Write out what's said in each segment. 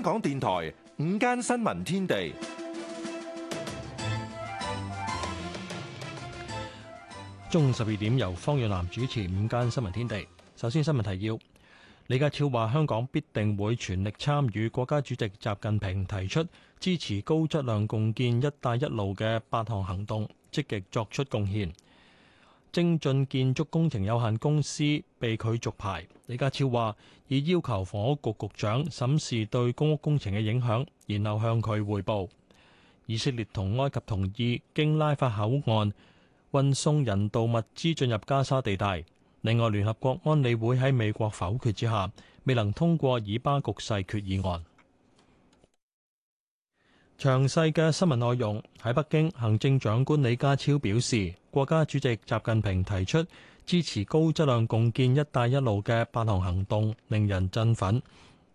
香港電台午間新聞天地，中午十二點由方遠南主持《午間新聞天地》。首先新聞提要：李家超話，香港必定會全力參與國家主席習近平提出支持高質量共建“一帶一路”嘅八項行動，積極作出貢獻。精進建築工程有限公司被拒續牌。李家超話，已要求房屋局局長審視對公屋工程嘅影響，然後向佢匯報。以色列同埃及同意經拉法口岸運送人道物資進入加沙地帶。另外，聯合國安理會喺美國否決之下，未能通過以巴局勢決議案。詳細嘅新聞內容喺北京，行政長官李家超表示，國家主席習近平提出支持高質量共建“一帶一路”嘅八項行動，令人振奮。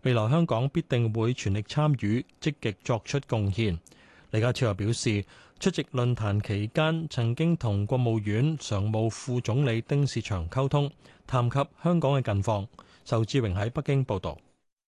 未來香港必定會全力參與，積極作出貢獻。李家超又表示，出席論壇期間曾經同國務院常務副總理丁薛祥溝通，談及香港嘅近況。仇志榮喺北京報導，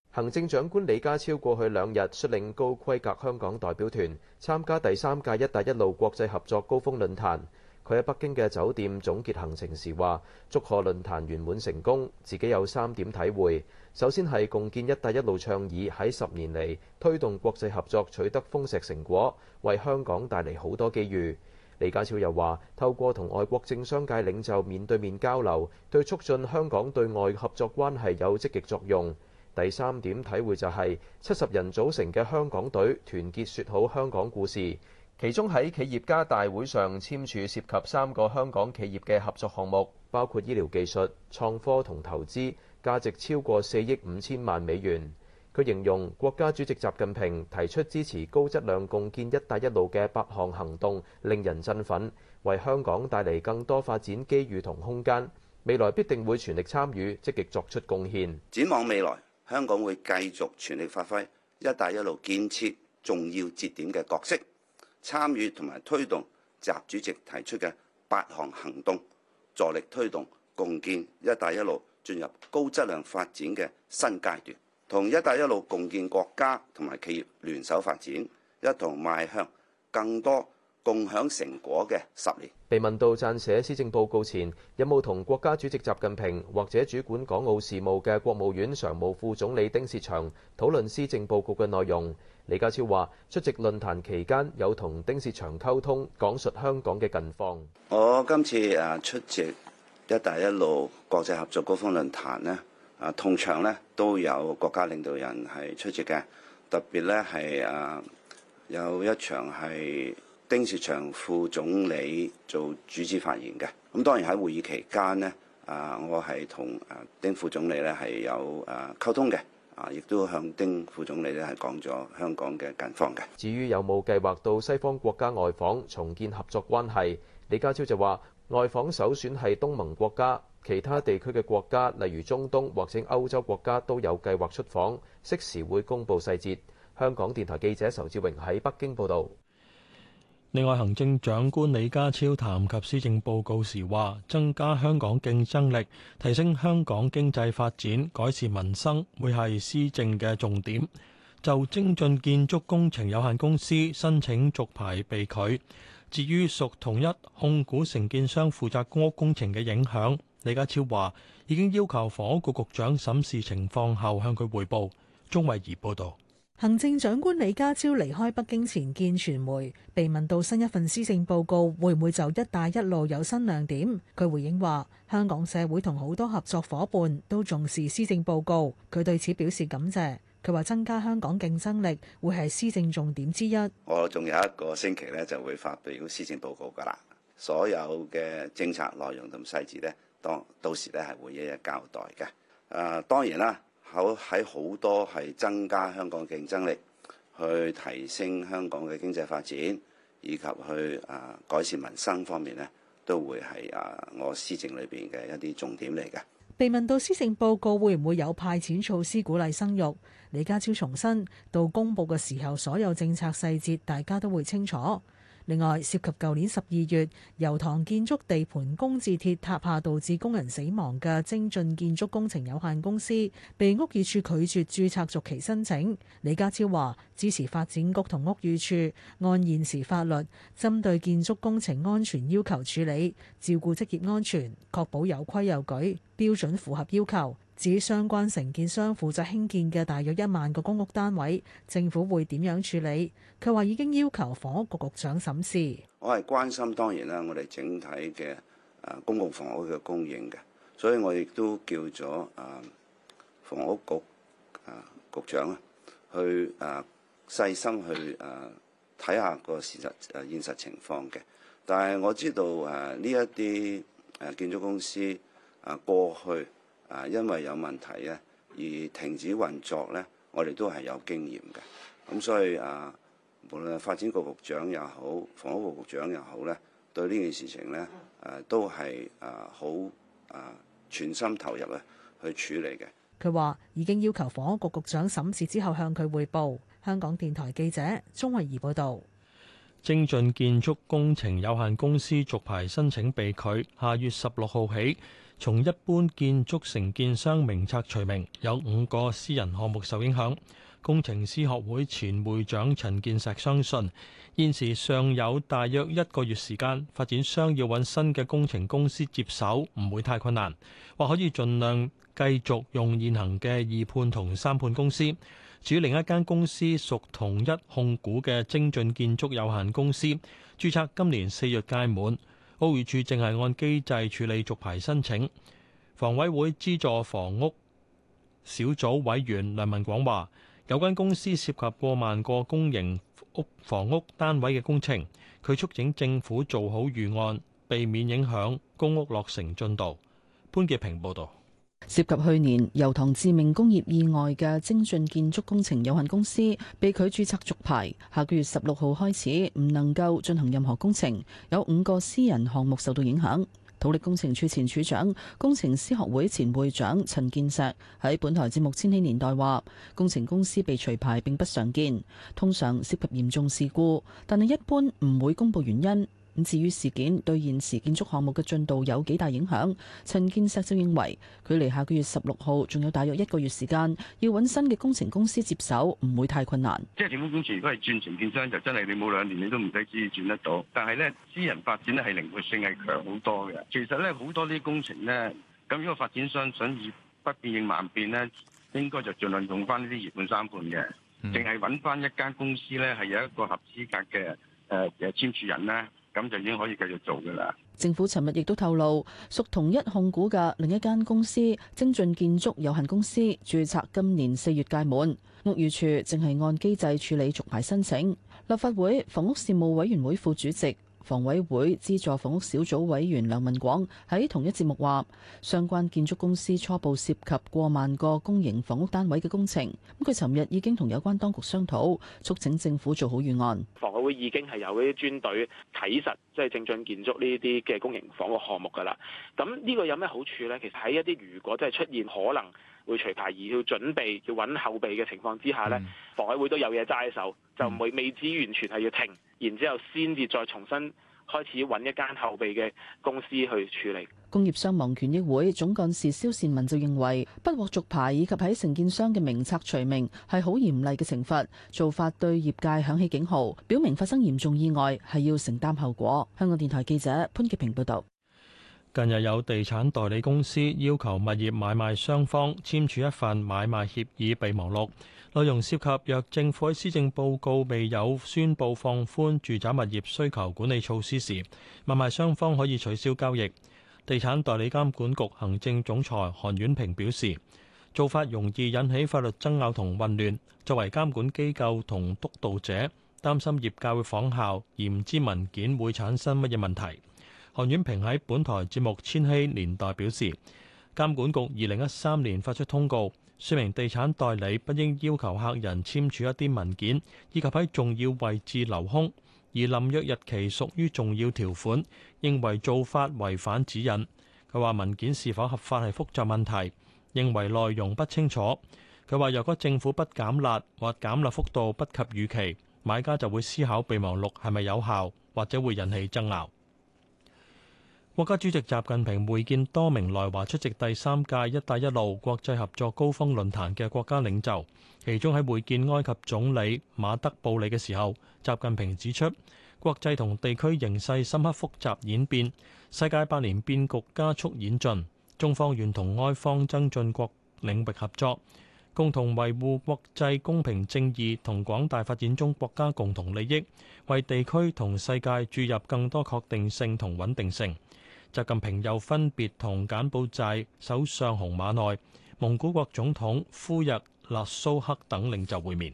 行政長官李家超過去兩日率領高規格香港代表團參加第三屆“一帶一路”國際合作高峰論壇。佢喺北京嘅酒店總結行程時話：祝賀論壇圓滿成功，自己有三點體會。首先係共建「一帶一路」倡議，喺十年嚟推動國際合作取得豐碩成果，為香港帶嚟好多機遇。李家超又話：透過同外國政商界領袖面對面交流，對促進香港對外合作關係有積極作用。第三點體會就係、是、七十人組成嘅香港隊團結説好香港故事。其中喺企業家大會上簽署涉及三個香港企業嘅合作項目，包括醫療技術、創科同投資，價值超過四億五千萬美元。佢形容國家主席習近平提出支持高質量共建一帶一路嘅八項行動，令人振奮，為香港帶嚟更多發展機遇同空間，未來必定會全力參與，積極作出貢獻。展望未來，香港會繼續全力發揮一帶一路建設重要節點嘅角色。參與同埋推動習主席提出嘅八項行動，助力推動共建“一帶一路”進入高質量發展嘅新階段，同“一帶一路”共建國家同埋企業聯手發展，一同邁向更多共享成果嘅十年。被問到撰寫施政報告前，有冇同國家主席習近平或者主管港澳事務嘅國務院常務副總理丁薛祥討論施政報告嘅內容？李家超話：出席論壇期間有同丁仕祥溝通，講述香港嘅近況。我今次誒出席一帶一路國際合作高峰論壇呢，啊，同場呢都有國家領導人係出席嘅，特別呢係誒有一場係丁仕祥副總理做主旨發言嘅。咁當然喺會議期間呢，啊，我係同誒丁副總理咧係有誒溝通嘅。啊！亦都向丁副總理咧係講咗香港嘅近況嘅。至於有冇計劃到西方國家外訪重建合作關係？李家超就話，外訪首選係東盟國家，其他地區嘅國家，例如中東或者歐洲國家都有計劃出訪，適時會公布細節。香港電台記者仇志榮喺北京報道。另外，行政長官李家超談及施政報告時話：增加香港競爭力、提升香港經濟發展、改善民生，會係施政嘅重點。就精進建築工程有限公司申請續牌被拒，至於屬同一控股承建商負責公屋工程嘅影響，李家超話已經要求房屋局局長審視情況後向佢匯報。鍾慧儀報導。行政長官李家超離開北京前見傳媒，被問到新一份施政報告會唔會就一帶一路有新亮點，佢回應話：香港社會同好多合作伙伴都重視施政報告，佢對此表示感謝。佢話增加香港競爭力會係施政重點之一。我仲有一個星期咧就會發表施政報告㗎啦，所有嘅政策內容同細節咧，當到時咧係會一一交代嘅。誒，當然啦。好喺好多係增加香港競爭力，去提升香港嘅經濟發展，以及去啊改善民生方面咧，都會係啊我施政裏邊嘅一啲重點嚟嘅。被問到施政報告會唔會有派錢措施鼓勵生育，李家超重申到公佈嘅時候，所有政策細節大家都會清楚。另外，涉及舊年十二月油塘建築地盤工字鐵塌下導致工人死亡嘅精進建築工程有限公司，被屋宇署拒絕註冊續期申請。李家超話：支持發展局同屋宇署按現時法律，針對建築工程安全要求處理，照顧職業安全，確保有規有矩，標準符合要求。指相關承建商負責興建嘅大約一萬個公屋單位，政府會點樣處理？佢話已經要求房屋局局長審視。我係關心當然啦，我哋整體嘅誒公共房屋嘅供應嘅，所以我亦都叫咗誒房屋局局局長啊去誒細心去誒睇下個事實誒現實情況嘅。但係我知道誒呢一啲誒建築公司誒過去。啊，因為有問題咧而停止運作咧，我哋都係有經驗嘅。咁所以啊，無論發展局局長也好，房屋局局長也好咧，對呢件事情咧，誒都係誒好誒全心投入啊去處理嘅。佢話已經要求房屋局局長審視之後向佢匯報。香港電台記者鍾慧儀報導。精進建築工程有限公司續牌申請被拒，下月十六號起，從一般建築承建商名冊除名，有五個私人項目受影響。工程師學會前會長陳建石相信，現時尚有大約一個月時間，發展商要搵新嘅工程公司接手，唔會太困難，或可以盡量繼續用現行嘅二判同三判公司。至於另一間公司屬同一控股嘅精進建築有限公司，註冊今年四月屆滿。屋宇署正係按機制處理續牌申請。房委會資助房屋小組委員梁文廣話：有關公司涉及過萬個公營屋房屋單位嘅工程，佢促請政府做好預案，避免影響公屋落成進度。潘潔平報導。涉及去年油塘致命工業意外嘅精進建築工程有限公司被拒註冊續牌，下個月十六號開始唔能夠進行任何工程，有五個私人項目受到影響。土力工程處前處長、工程師學會前會長陳建石喺本台節目《千禧年代》話，工程公司被除牌並不常見，通常涉及嚴重事故，但係一般唔會公布原因。至於事件對現時建築項目嘅進度有幾大影響？陳建石就認為，距離下個月十六號仲有大約一個月時間，要搵新嘅工程公司接手，唔會太困難。即係政府工程，如果係轉成建商，就真係你冇兩年，你,年你都唔使知轉得到。但係咧，私人發展咧係靈活性係強好多嘅。其實咧，好多啲工程咧，咁如果發展商想以不變應萬變咧，應該就盡量用翻呢啲二判三判嘅，淨係搵翻一間公司咧係有一個合資格嘅誒誒簽署人啦。咁就已經可以繼續做㗎啦。政府尋日亦都透露，屬同一控股嘅另一間公司精進建築有限公司註冊，今年四月屆滿，屋宇署淨係按機制處理續牌申請。立法會房屋事務委員會副主席。房委會資助房屋小組委員梁文廣喺同一節目話，相關建築公司初步涉及過萬個公營房屋單位嘅工程，咁佢尋日已經同有關當局商討，促請政府做好預案。房委會已經係有啲專隊睇實，即係正進建築呢啲嘅公營房屋項目噶啦。咁、這、呢個有咩好處咧？其實喺一啲如果真係出現可能，會除牌而要準備要揾後備嘅情況之下呢，房委會都有嘢揸手，就未未知完全係要停，然之後先至再重新開始揾一間後備嘅公司去處理。工業傷亡權益會總幹事蕭善文就認為，不獲續牌以及喺承建商嘅名冊除名係好嚴厲嘅懲罰，做法對業界響起警號，表明發生嚴重意外係要承擔後果。香港電台記者潘潔平報道。近日有地產代理公司要求物業買賣雙方簽署一份買賣協議備忘錄，內容涉及若政府喺施政報告未有宣佈放寬住宅物業需求管理措施時，買賣雙方可以取消交易。地產代理監管局行政總裁韓婉平表示，做法容易引起法律爭拗同混亂，作為監管機構同督導者，擔心業界會仿效而唔知文件會產生乜嘢問題。韓婉平喺本台節目《千禧年代》表示，監管局2013年發出通告，說明地產代理不應要求客人簽署一啲文件，以及喺重要位置留空，而臨約日期屬於重要條款，認為做法違反指引。佢話文件是否合法，係複雜問題，認為內容不清楚。佢話若果政府不減辣或減辣幅度不及預期，買家就會思考備忘錄係咪有效，或者會引起爭拗。國家主席習近平會見多名來華出席第三屆一帶一路國際合作高峰論壇嘅國家領袖。其中喺會見埃及總理馬德布里嘅時候，習近平指出，國際同地區形勢深刻複雜演變，世界百年變局加速演進，中方願同埃方增進國領域合作，共同維護國際公平正義同廣大發展中國家共同利益，為地區同世界注入更多確定性同穩定性。習近平又分別同柬埔寨首相洪馬內、蒙古國總統呼日勒，勒蘇克等領袖會面。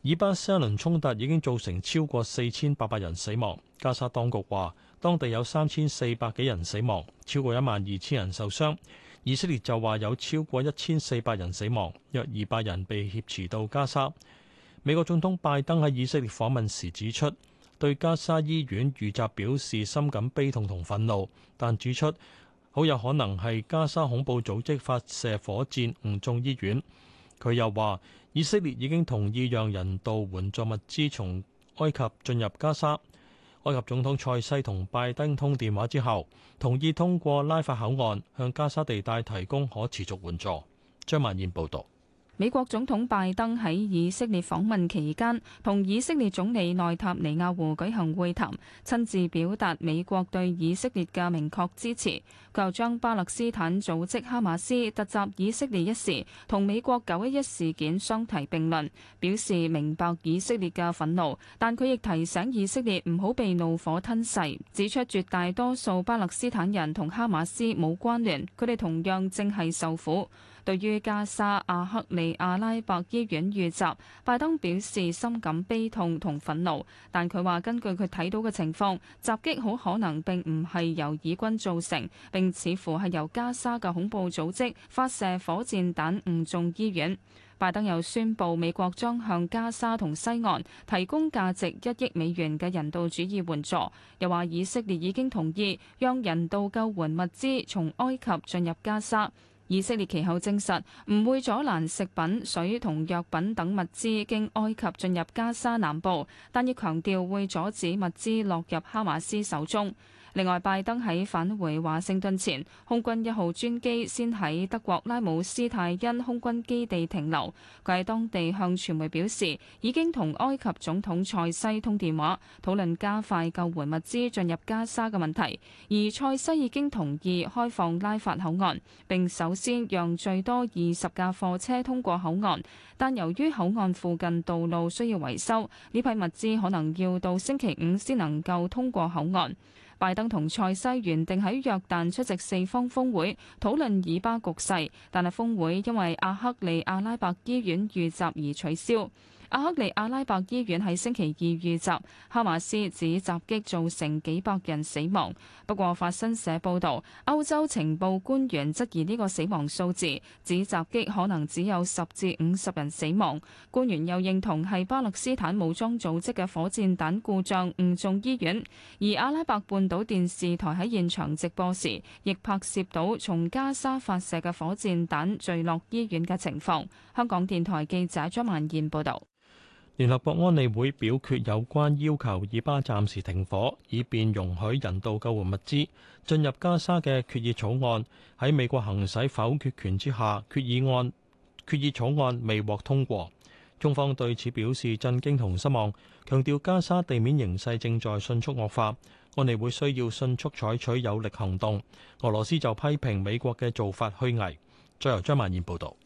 以巴上一輪衝突已經造成超過四千八百人死亡，加沙當局話當地有三千四百幾人死亡，超過一萬二千人受傷。以色列就話有超過一千四百人死亡，約二百人被挾持到加沙。美國總統拜登喺以色列訪問時指出。對加沙醫院遇襲表示深感悲痛同憤怒，但指出好有可能係加沙恐怖組織發射火箭誤中醫院。佢又話，以色列已經同意讓人道援助物資從埃及進入加沙。埃及總統塞西同拜登通電話之後，同意通過拉法口岸向加沙地帶提供可持續援助。張曼燕報導。美國總統拜登喺以色列訪問期間，同以色列總理內塔尼亞胡舉行會談，親自表達美國對以色列嘅明確支持。佢又將巴勒斯坦組織哈馬斯突襲以色列一事，同美國911事件相提並論，表示明白以色列嘅憤怒，但佢亦提醒以色列唔好被怒火吞噬，指出絕大多數巴勒斯坦人同哈馬斯冇關聯，佢哋同樣正係受苦。對於加沙阿克利阿拉伯醫院遇襲，拜登表示深感悲痛同憤怒，但佢話根據佢睇到嘅情況，襲擊好可能並唔係由以軍造成，並似乎係由加沙嘅恐怖組織發射火箭彈誤中醫院。拜登又宣布美國將向加沙同西岸提供價值一億美元嘅人道主義援助，又話以色列已經同意讓人道救援物資從埃及進入加沙。以色列其後證實唔會阻攔食品、水同藥品等物資經埃及進入加沙南部，但亦強調會阻止物資落入哈馬斯手中。另外，拜登喺返回華盛頓前，空軍一號專機先喺德國拉姆斯泰因空軍基地停留。佢喺當地向傳媒表示，已經同埃及總統塞西通電話，討論加快救援物資進入加沙嘅問題，而塞西已經同意開放拉法口岸，並首先讓最多二十架貨車通過口岸。但由於口岸附近道路需要維修，呢批物資可能要到星期五先能夠通過口岸。拜登同塞西原定喺約旦出席四方峰會，討論以巴局勢，但係峰會因為阿克利阿拉伯醫院遇襲而取消。阿克利阿拉伯醫院喺星期二遇襲，哈馬斯指襲擊造成幾百人死亡。不過，法新社報導，歐洲情報官員質疑呢個死亡數字，指襲擊可能只有十至五十人死亡。官員又認同係巴勒斯坦武裝組織嘅火箭彈故障誤中醫院。而阿拉伯半島電視台喺現場直播時，亦拍攝到從加沙發射嘅火箭彈墜落醫院嘅情況。香港電台記者張萬燕報導。聯合國安理會表決有關要求以巴暫時停火，以便容許人道救援物資進入加沙嘅決議草案，喺美國行使否決權之下，決議案決議草案未獲通過。中方對此表示震驚同失望，強調加沙地面形勢正在迅速惡化，安理會需要迅速採取有力行動。俄羅斯就批評美國嘅做法虛偽。再由張曼燕報導。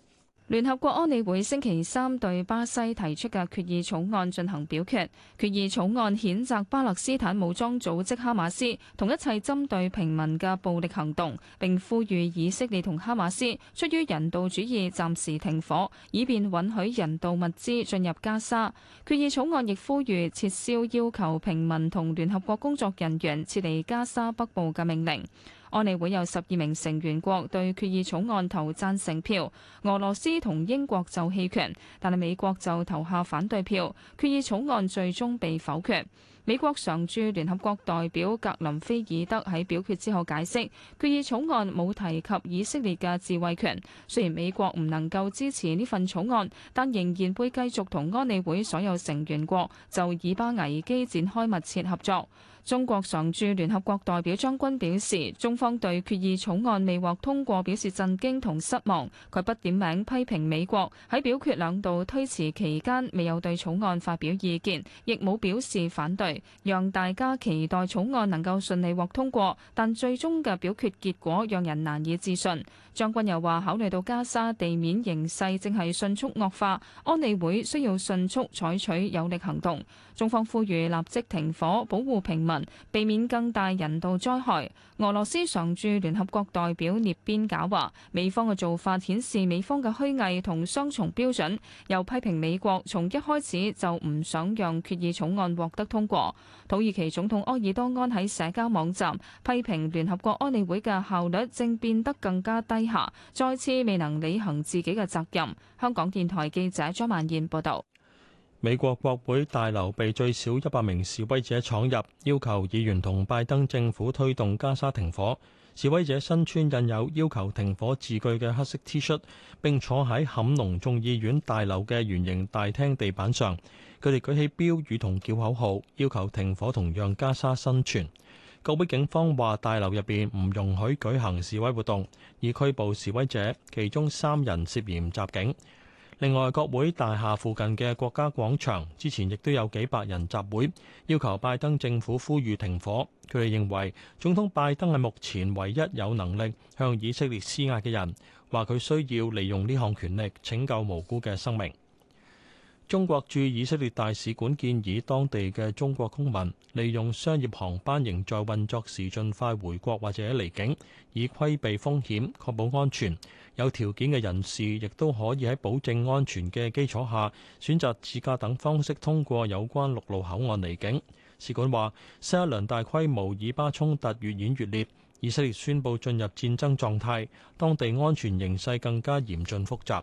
聯合國安理會星期三對巴西提出嘅決議草案進行表決。決議草案譴責巴勒斯坦武裝組織哈馬斯同一切針對平民嘅暴力行動，並呼籲以色列同哈馬斯出於人道主義暫時停火，以便允許人道物資進入加沙。決議草案亦呼籲撤銷要求平民同聯合國工作人員撤離加沙北部嘅命令。安理會有十二名成員國對決議草案投贊成票，俄羅斯同英國就棄權，但係美國就投下反對票，決議草案最終被否決。美國常駐聯合國代表格林菲爾德喺表決之後解釋，決議草案冇提及以色列嘅自衛權。雖然美國唔能夠支持呢份草案，但仍然會繼續同安理會所有成員國就以巴危機展開密切合作。中國常駐聯合國代表張軍表示，中方對決議草案未獲通過表示震驚同失望。佢不點名批評美國喺表決兩度推遲期間未有對草案發表意見，亦冇表示反對。讓大家期待草案能夠順利獲通過，但最終嘅表決結果讓人難以置信。張軍又話，考慮到加沙地面形勢正係迅速惡化，安理會需要迅速採取有力行動。中方呼籲立即停火、保護平民、避免更大人道災害。俄羅斯常駐聯合國代表涅邊賈話，美方嘅做法顯示美方嘅虛偽同雙重標準，又批評美國從一開始就唔想讓決議草案獲得通過。土耳其總統埃爾多安喺社交網站批評聯合國安理會嘅效率正變得更加低下，再次未能履行自己嘅責任。香港電台記者張曼燕報導。美國國會大樓被最少一百名示威者闖入，要求議員同拜登政府推動加沙停火。示威者身穿印有要求停火字句嘅黑色 T 恤，shirt，並坐喺坎農眾議院大樓嘅圓形大廳地板上。佢哋舉起標語同叫口號，要求停火同樣讓加沙生存。國會警方話大樓入邊唔容許舉行示威活動，以拘捕示威者，其中三人涉嫌襲警。另外，國會大廈附近嘅國家廣場之前亦都有幾百人集會，要求拜登政府呼籲停火。佢哋認為總統拜登係目前唯一有能力向以色列施壓嘅人，話佢需要利用呢項權力拯救無辜嘅生命。中國駐以色列大使館建議當地嘅中國公民利用商業航班仍在運作時盡快回國或者離境，以規避風險，確保安全。有條件嘅人士亦都可以喺保證安全嘅基礎下，選擇自駕等方式通過有關陸路口岸離境。使館話，新一輪大規模以巴衝突越演越烈，以色列宣布進入戰爭狀態，當地安全形勢更加嚴峻複雜。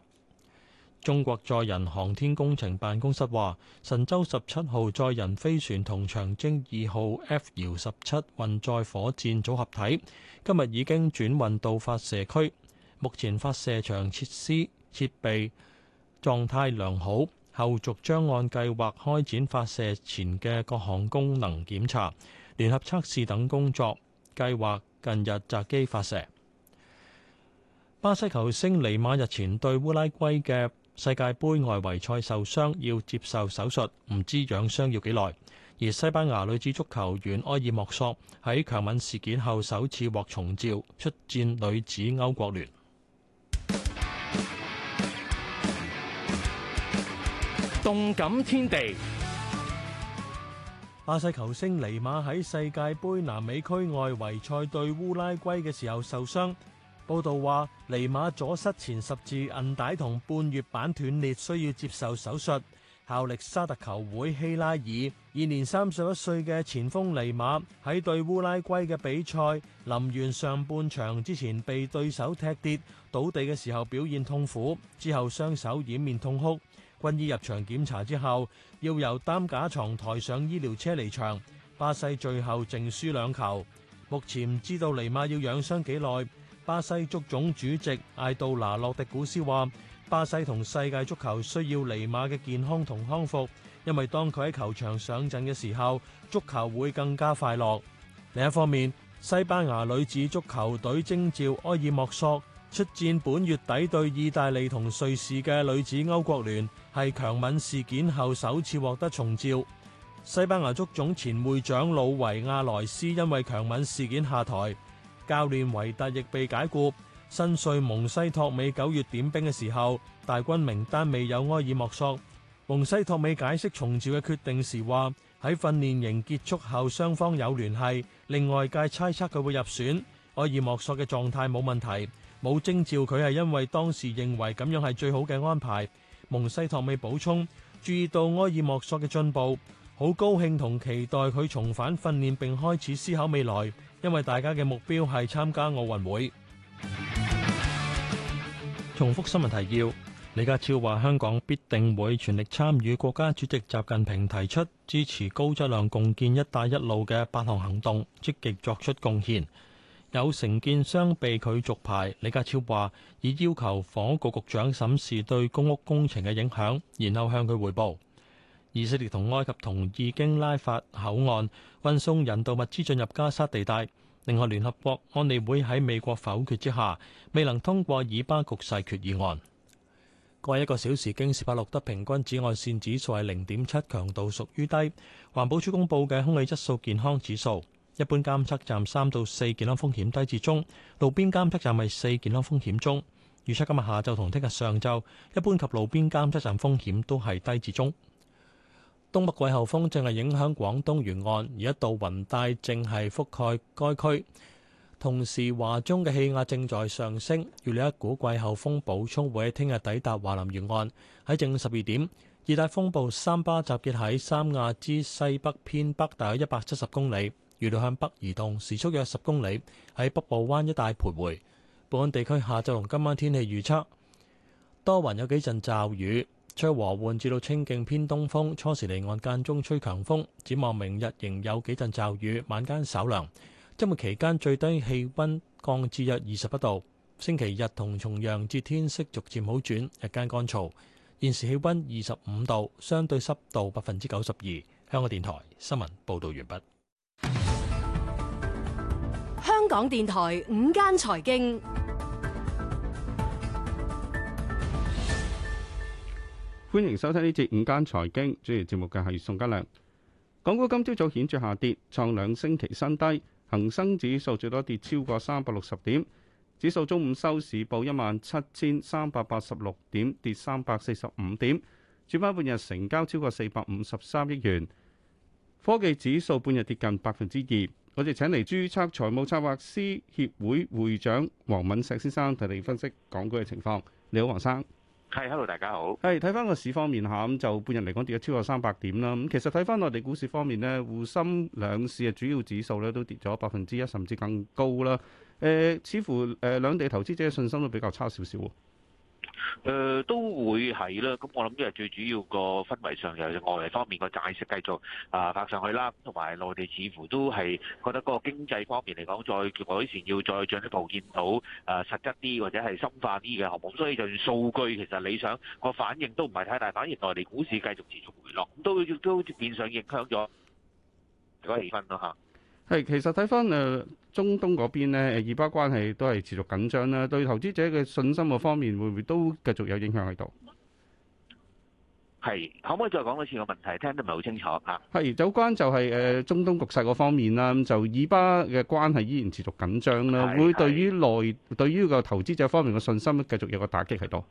中國載人航天工程辦公室話：神舟十七號載人飛船同長征二號 F 遙十七運載火箭組合體今日已經轉運到發射區。目前發射場設施設備狀態良好，後續將按計劃開展發射前嘅各項功能檢查、聯合測試等工作，計劃近日擇機發射。巴西球星尼馬日前對烏拉圭嘅世界杯外圍賽受傷要接受手術，唔知養傷要幾耐。而西班牙女子足球員埃爾莫索喺強吻事件後首次獲重召，出戰女子歐國聯。動感天地，巴西球星尼馬喺世界杯南美區外圍賽對烏拉圭嘅時候受傷。報道話，尼馬左膝前十字韌帶同半月板斷裂，需要接受手術。效力沙特球會希拉爾，現年三十一歲嘅前鋒尼馬喺對烏拉圭嘅比賽，臨完上半場之前被對手踢跌，倒地嘅時候，表現痛苦，之後雙手掩面痛哭。軍醫入場檢查之後，要由擔架床抬上醫療車離場。巴西最後淨輸兩球，目前知道尼馬要養傷幾耐。巴西足總主席艾杜拿洛迪古斯話：巴西同世界足球需要尼馬嘅健康同康復，因為當佢喺球場上陣嘅時候，足球會更加快樂。另一方面，西班牙女子足球隊徵召埃爾莫索出戰本月底對意大利同瑞士嘅女子歐國聯，係強吻事件後首次獲得重召。西班牙足總前會長魯維亞萊斯因為強吻事件下台。教練維達亦被解雇。新帥蒙西托美九月點兵嘅時候，大軍名單未有埃爾莫索。蒙西托美解釋重召嘅決定時話：喺訓練營結束後，雙方有聯繫，令外界猜測佢會入選。埃爾莫索嘅狀態冇問題，冇徵召佢係因為當時認為咁樣係最好嘅安排。蒙西托美補充：注意到埃爾莫索嘅進步，好高興同期待佢重返訓練，並開始思考未來。因為大家嘅目標係參加奧運會。重複新聞提要，李家超話香港必定會全力參與國家主席習近平提出支持高質量共建一帶一路嘅八項行動，積極作出貢獻，有承建商被拒續牌，李家超話已要求房屋局局長審視對公屋工程嘅影響，然後向佢匯報。以色列同埃及同意經拉法口岸運送人道物資進入加沙地帶。另外，聯合國安理會喺美國否決之下，未能通過以巴局勢決議案。過一個小時，京士柏錄得平均紫外線指數係零點七，強度屬於低。環保署公布嘅空氣質素健康指數，一般監測站三到四，健康風險低至中，路邊監測站係四，健康風險中。預測今日下晝同聽日上晝，一般及路邊監測站風險都係低至中。東北季候風正係影響廣東沿岸，而一道雲帶正係覆蓋該區。同時，華中嘅氣壓正在上升，預料一股季候風補充會喺聽日抵達華南沿岸。喺正午十二點，熱帶風暴三巴集結喺三亞之西北偏北大約一百七十公里，預料向北移動，時速約十公里，喺北部灣一帶徘徊。本港地區下晝同今晚天氣預測多雲，有幾陣驟雨。吹和緩至到清勁偏東風，初時離岸間中吹強風，展望明日仍有幾陣驟雨，晚間稍涼。周末期間最低氣溫降至約二十一度。星期日同重陽節天色逐漸好轉，日間乾燥。現時氣溫二十五度，相對濕度百分之九十二。香港電台新聞報道完畢。香港電台午間財經。歡迎收聽呢節午間財經，主持節目嘅係宋家良。港股今朝早顯著下跌，創兩星期新低，恒生指數最多跌超過三百六十點，指數中午收市報一萬七千三百八十六點，跌三百四十五點。主板半日成交超過四百五十三億元，科技指數半日跌近百分之二。我哋請嚟注冊財務策劃師協會會長黃敏石先生，同你分析港股嘅情況。你好，黃生。係、hey,，hello，大家好。係，睇翻個市方面吓，咁就半日嚟講跌咗超過三百點啦。咁其實睇翻內地股市方面咧，滬深兩市嘅主要指數咧都跌咗百分之一，甚至更高啦。誒、呃，似乎誒兩、呃、地投資者嘅信心都比較差少少。誒、呃、都會係啦，咁、嗯、我諗即係最主要個氛圍上，又係外圍方面個債息繼續啊發、呃、上去啦，同埋內地似乎都係覺得個經濟方面嚟講，再改善要再進一步見到誒、呃、實質啲或者係深化啲嘅項目，所以就算數據其實理想個反應都唔係太大，反而內地股市繼續持續回落，都都，都變相影響咗嗰氣氛咯嚇。係、啊，其實睇翻誒。呃中東嗰邊呢，誒以巴關係都係持續緊張啦，對投資者嘅信心個方面，會唔會都繼續有影響喺度？係，可唔可以再講一次個問題？聽得唔係好清楚嚇。係，有關就係誒中東局勢個方面啦，就以巴嘅關係依然持續緊張啦，會對於內對於個投資者方面嘅信心繼續有個打擊係多？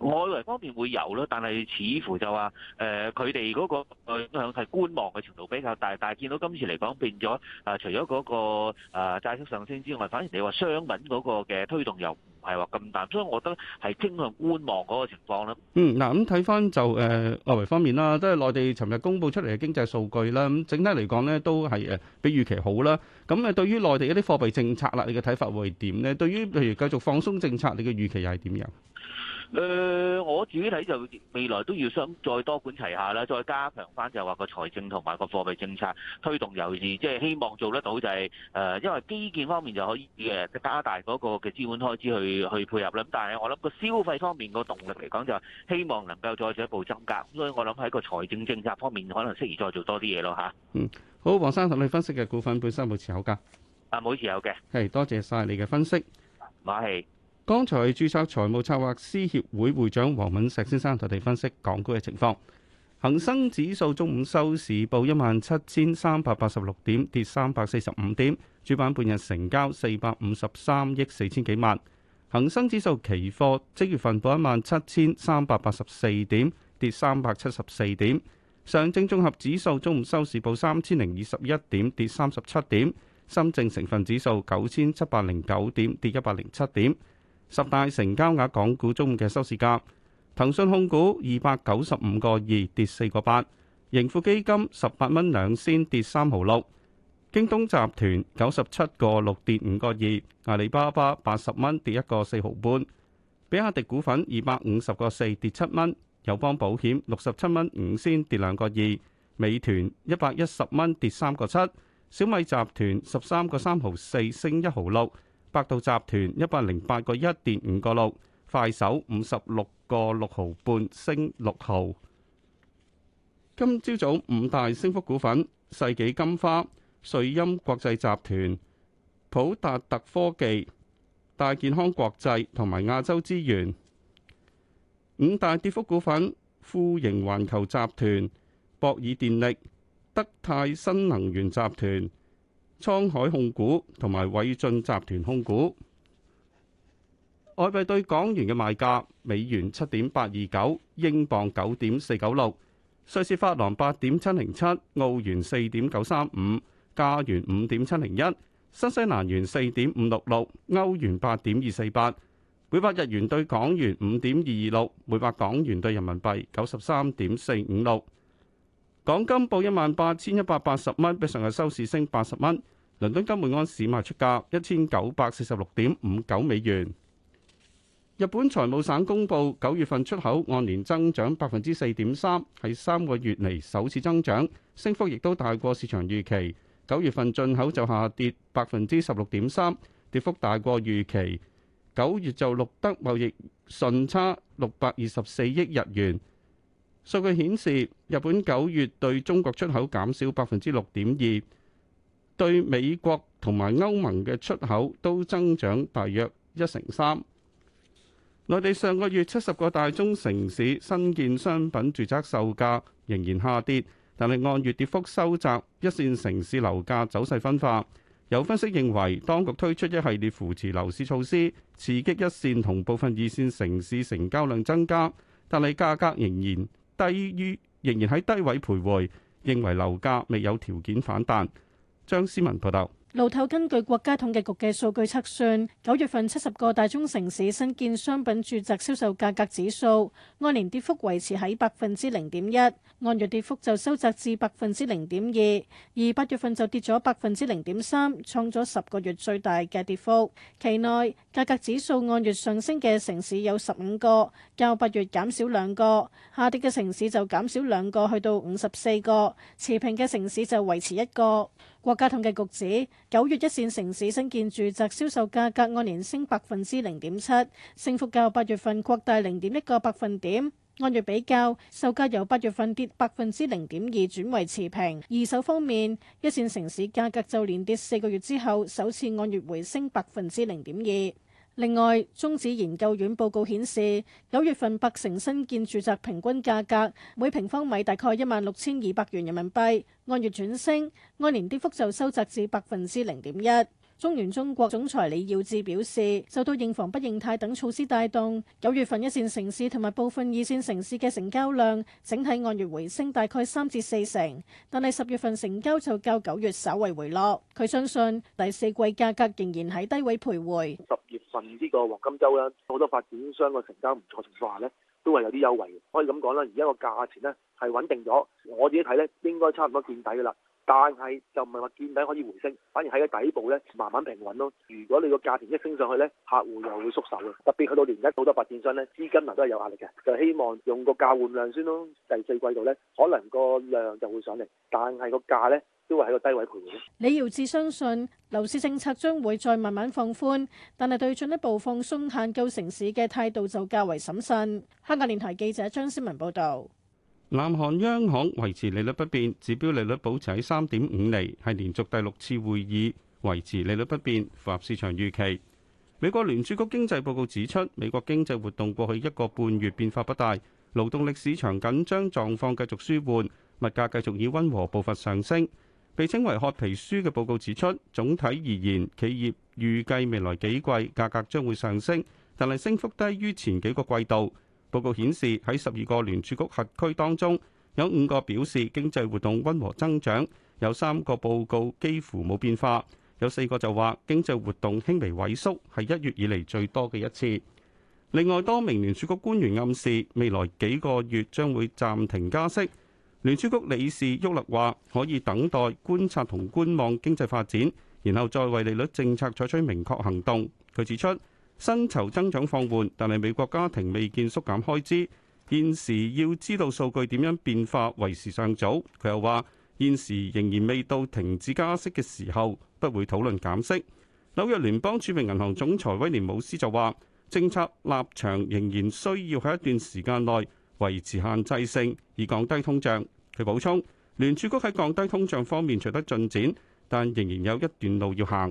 外圍方面會有咯，但係似乎就話誒佢哋嗰個影響係觀望嘅程度比較大。但係見到今次嚟講變咗，啊、呃、除咗嗰、嗰個啊、呃、債息上升之外，反而你話商品嗰個嘅推動又？唔係話咁大，所以我覺得係傾向觀望嗰個情況啦。嗯，嗱咁睇翻就誒外圍方面啦，即係內地尋日公布出嚟嘅經濟數據啦。咁整體嚟講呢都係誒比預期好啦。咁誒對於內地一啲貨幣政策啦，你嘅睇法會係點呢？對於譬如繼續放鬆政策，你嘅預期又係點樣？誒、呃，我自己睇就未來都要想再多管齊下啦，再加強返就係話個財政同埋個貨幣政策推動尤其是，即係希望做得到就係、是、誒、呃，因為基建方面就可以誒加大嗰個嘅資本開支去去配合啦。但係我諗個消費方面個動力嚟講，就係希望能夠再進一步增加。所以我諗喺個財政政策方面，可能適宜再做多啲嘢咯吓，嗯，好，黃生同你分析嘅股份，本身冇持有噶，啊冇持有嘅。係多謝晒你嘅分析，唔使。剛才係注冊財務策劃師協會會長黃敏石先生同地分析港股嘅情況。恒生指數中午收市報一萬七千三百八十六點，跌三百四十五點。主板半日成交四百五十三億四千幾萬。恒生指數期貨即月份報一萬七千三百八十四點，跌三百七十四點。上證綜合指數中午收市報三千零二十一點，跌三十七點。深證成分指數九千七百零九點，跌一百零七點。十大成交額港股中嘅收市價：騰訊控股二百九十五個二跌四個八，盈富基金十八蚊兩仙跌三毫六，京東集團九十七個六跌五個二，阿里巴巴八十蚊跌一個四毫半，比亞迪股份二百五十個四跌七蚊，友邦保險六十七蚊五仙跌兩個二，美團一百一十蚊跌三個七，小米集團十三個三毫四升一毫六。百度集團一百零八個一跌五個六，1, 6，快手五十六個六毫半升六毫。今朝早，早五大升幅股份：世紀金花、瑞音國際集團、普達特科技、大健康國際同埋亞洲資源。五大跌幅股份：富盈環球集團、博爾電力、德泰新能源集團。滄海控股同埋偉俊集團控股。外幣對港元嘅賣價：美元七點八二九，英鎊九點四九六，瑞士法郎八點七零七，澳元四點九三五，加元五點七零一，新西蘭元四點五六六，歐元八點二四八，每百日元對港元五點二二六，每百港元對人民幣九十三點四五六。港金報一萬八千一百八十蚊，比上日收市升八十蚊。倫敦金每盎司賣出價一千九百四十六點五九美元。日本財務省公布九月份出口按年增長百分之四點三，係三個月嚟首次增長，升幅亦都大過市場預期。九月份進口就下跌百分之十六點三，跌幅大過預期。九月就錄得貿易順差六百二十四億日元。數據顯示，日本九月對中國出口減少百分之六點二，對美國同埋歐盟嘅出口都增長大約一成三。內地上個月七十個大中城市新建商品住宅售價仍然下跌，但係按月跌幅收窄，一線城市樓價走勢分化，有分析認為當局推出一系列扶持樓市措施，刺激一線同部分二線城市成交量增加，但係價格仍然。低於仍然喺低位徘徊，認為樓價未有條件反彈，張思文報道。路透根據國家統計局嘅數據測算，九月份七十個大中城市新建商品住宅銷售價格指數按年跌幅維持喺百分之零點一，按月跌幅就收窄至百分之零點二，而八月份就跌咗百分之零點三，創咗十個月最大嘅跌幅。期內價格指數按月上升嘅城市有十五個，較八月減少兩個；下跌嘅城市就減少兩個，去到五十四個；持平嘅城市就維持一個。國家統計局指，九月一線城市新建住宅銷售價格按年升百分之零點七，升幅較八月份擴大零點一個百分點。按月比較，售價由八月份跌百分之零點二轉為持平。二手方面，一線城市價格就連跌四個月之後首次按月回升百分之零點二。另外，中指研究院報告顯示，九月份百城新建住宅平均價格每平方米大概一萬六千二百元人民幣，按月轉升，按年跌幅就收窄至百分之零點一。中原中國總裁李耀智表示，受到認房不認貸等措施帶動，九月份一線城市同埋部分二線城市嘅成交量，整體按月回升大概三至四成。但係十月份成交就較九月稍為回落。佢相信第四季價格仍然喺低位徘徊。十月份呢個黃金周咧，好多發展商個成交唔錯情況下呢都係有啲優惠。可以咁講啦，而家個價錢呢係穩定咗。我自己睇呢應該差唔多見底噶啦。但係就唔係話見底可以回升，反而喺個底部咧慢慢平穩咯。如果你個價錢一升上去咧，客戶又會縮手嘅。特別去到年底好多發展商咧，資金呀都係有壓力嘅，就希望用個價換量先咯。第四季度咧，可能個量就會上嚟，但係個價咧都會喺個低位徘徊。李耀智相信，樓市政策將會再慢慢放寬，但係對進一步放鬆限購城市嘅態度就較為審慎。香港電台記者張思文報道。南韓央行維持利率不變，指標利率保持喺三點五厘，係連續第六次會議維持利率不變，符合市場預期。美國聯儲局經濟報告指出，美國經濟活動過去一個半月變化不大，勞動力市場緊張狀況繼續舒緩，物價繼續以溫和步伐上升。被稱為褐皮書嘅報告指出，總體而言，企業預計未來幾季價格將會上升，但係升幅低於前幾個季度。報告顯示，喺十二個聯儲局轄區當中有五個表示經濟活動溫和增長，有三個報告幾乎冇變化，有四個就話經濟活動輕微萎縮，係一月以嚟最多嘅一次。另外，多名聯儲局官員暗示未來幾個月將會暫停加息。聯儲局理事沃勒話：可以等待觀察同觀望經濟發展，然後再為利率政策採取明確行動。佢指出。薪酬增長放緩，但係美國家庭未見縮減開支。現時要知道數據點樣變化為時尚早。佢又話：現時仍然未到停止加息嘅時候，不會討論減息。紐約聯邦儲備銀行總裁威廉姆斯就話：政策立場仍然需要喺一段時間內維持限制性，以降低通脹。佢補充：聯儲局喺降低通脹方面取得進展，但仍然有一段路要行。